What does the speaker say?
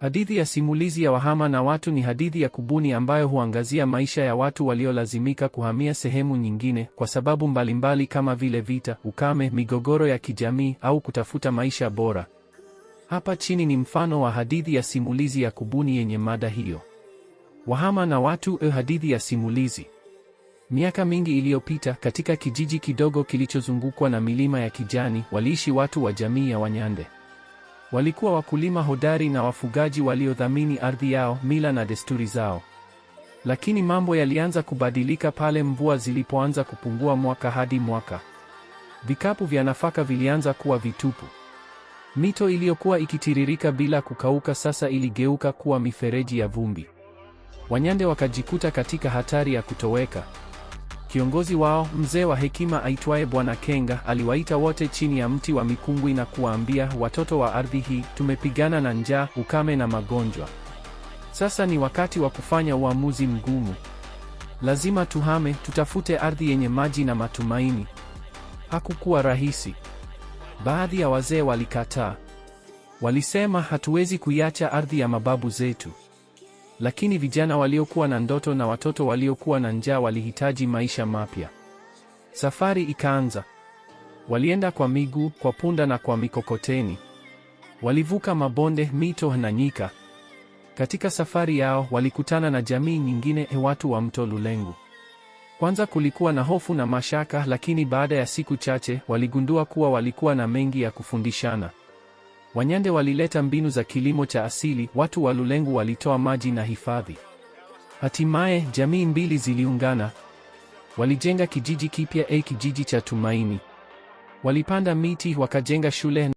Hadithi ya simulizi ya Wahama na Watu ni hadithi ya kubuni ambayo huangazia maisha ya watu waliolazimika kuhamia sehemu nyingine kwa sababu mbalimbali kama vile vita, ukame, migogoro ya kijamii au kutafuta maisha bora. Hapa chini ni mfano wa hadithi ya simulizi ya kubuni yenye mada hiyo. Wahama na Watu, e, hadithi ya simulizi. Miaka mingi iliyopita, katika kijiji kidogo kilichozungukwa na milima ya kijani, waliishi watu wa jamii ya Wanyande. Walikuwa wakulima hodari na wafugaji waliothamini ardhi yao, mila na desturi zao. Lakini mambo yalianza kubadilika pale mvua zilipoanza kupungua mwaka hadi mwaka. Vikapu vya nafaka vilianza kuwa vitupu. Mito iliyokuwa ikitiririka bila kukauka sasa iligeuka kuwa mifereji ya vumbi. Wanyande wakajikuta katika hatari ya kutoweka. Kiongozi wao mzee wa hekima aitwaye Bwana Kenga aliwaita wote chini ya mti wa mikungwi na kuwaambia, watoto wa ardhi hii, tumepigana na njaa, ukame na magonjwa. Sasa ni wakati wa kufanya uamuzi mgumu. Lazima tuhame, tutafute ardhi yenye maji na matumaini. Hakukuwa rahisi. Baadhi ya wazee walikataa, walisema, hatuwezi kuiacha ardhi ya mababu zetu. Lakini vijana waliokuwa na ndoto na watoto waliokuwa na njaa walihitaji maisha mapya. Safari ikaanza. Walienda kwa miguu, kwa punda na kwa mikokoteni. Walivuka mabonde, mito na nyika. Katika safari yao walikutana na jamii nyingine, eh, watu wa Mto Lulengu. Kwanza kulikuwa na hofu na mashaka, lakini baada ya siku chache waligundua kuwa walikuwa na mengi ya kufundishana. Wanyande walileta mbinu za kilimo cha asili, watu wa Lulengu walitoa maji na hifadhi. Hatimaye jamii mbili ziliungana, walijenga kijiji kipya, a eh, kijiji cha Tumaini. Walipanda miti, wakajenga shule.